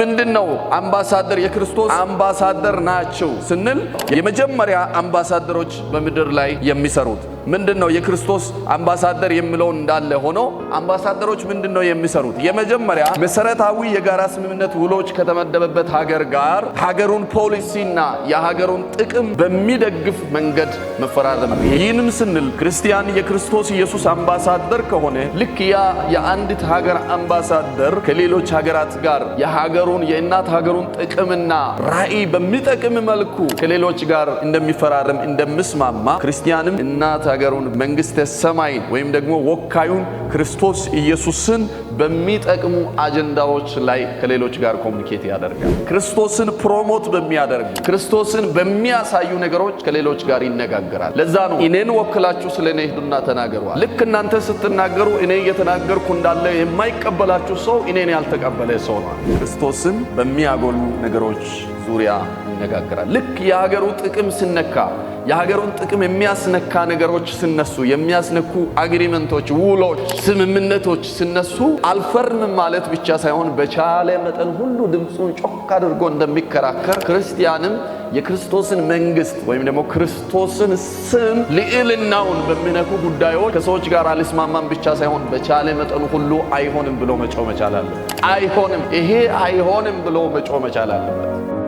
ምንድን ነው አምባሳደር? የክርስቶስ አምባሳደር ናቸው ስንል የመጀመሪያ አምባሳደሮች በምድር ላይ የሚሰሩት ምንድን ነው የክርስቶስ አምባሳደር የሚለውን እንዳለ ሆኖ አምባሳደሮች ምንድን ነው የሚሰሩት? የመጀመሪያ መሰረታዊ የጋራ ስምምነት ውሎች ከተመደበበት ሀገር ጋር ሀገሩን ፖሊሲና የሀገሩን ጥቅም በሚደግፍ መንገድ መፈራረም። ይህንም ስንል ክርስቲያን የክርስቶስ ኢየሱስ አምባሳደር ከሆነ ልክ ያ የአንዲት ሀገር አምባሳደር ከሌሎች ሀገራት ጋር የሀገሩን የእናት ሀገሩን ጥቅምና ራዕይ በሚጠቅም መልኩ ከሌሎች ጋር እንደሚፈራረም እንደሚስማማ ክርስቲያንም እናት ሀገሩን መንግሥተ ሰማይን ወይም ደግሞ ወካዩን ክርስቶስ ኢየሱስን በሚጠቅሙ አጀንዳዎች ላይ ከሌሎች ጋር ኮሚኒኬት ያደርጋል። ክርስቶስን ፕሮሞት በሚያደርጉ ክርስቶስን በሚያሳዩ ነገሮች ከሌሎች ጋር ይነጋገራል። ለዛ ነው እኔን ወክላችሁ ስለ እኔ ሂዱና ተናገሯል። ልክ እናንተ ስትናገሩ እኔ እየተናገርኩ እንዳለ የማይቀበላችሁ ሰው እኔን ያልተቀበለ ሰው ነው። ክርስቶስን በሚያጎሉ ነገሮች ዙሪያ ይነጋገራል። ልክ የሀገሩ ጥቅም ሲነካ የሀገሩን ጥቅም የሚያስነካ ነገሮች ሲነሱ፣ የሚያስነኩ አግሪመንቶች፣ ውሎች፣ ስምምነቶች ሲነሱ አልፈርምም ማለት ብቻ ሳይሆን በቻለ መጠን ሁሉ ድምፁን ጮክ አድርጎ እንደሚከራከር ክርስቲያንም የክርስቶስን መንግስት ወይም ደግሞ ክርስቶስን ስም ልዕልናውን በሚነኩ ጉዳዮች ከሰዎች ጋር አልስማማም ብቻ ሳይሆን በቻለ መጠኑ ሁሉ አይሆንም ብሎ መጮ መቻል አለበት። አይሆንም፣ ይሄ አይሆንም ብሎ መጮ መቻል አለበት።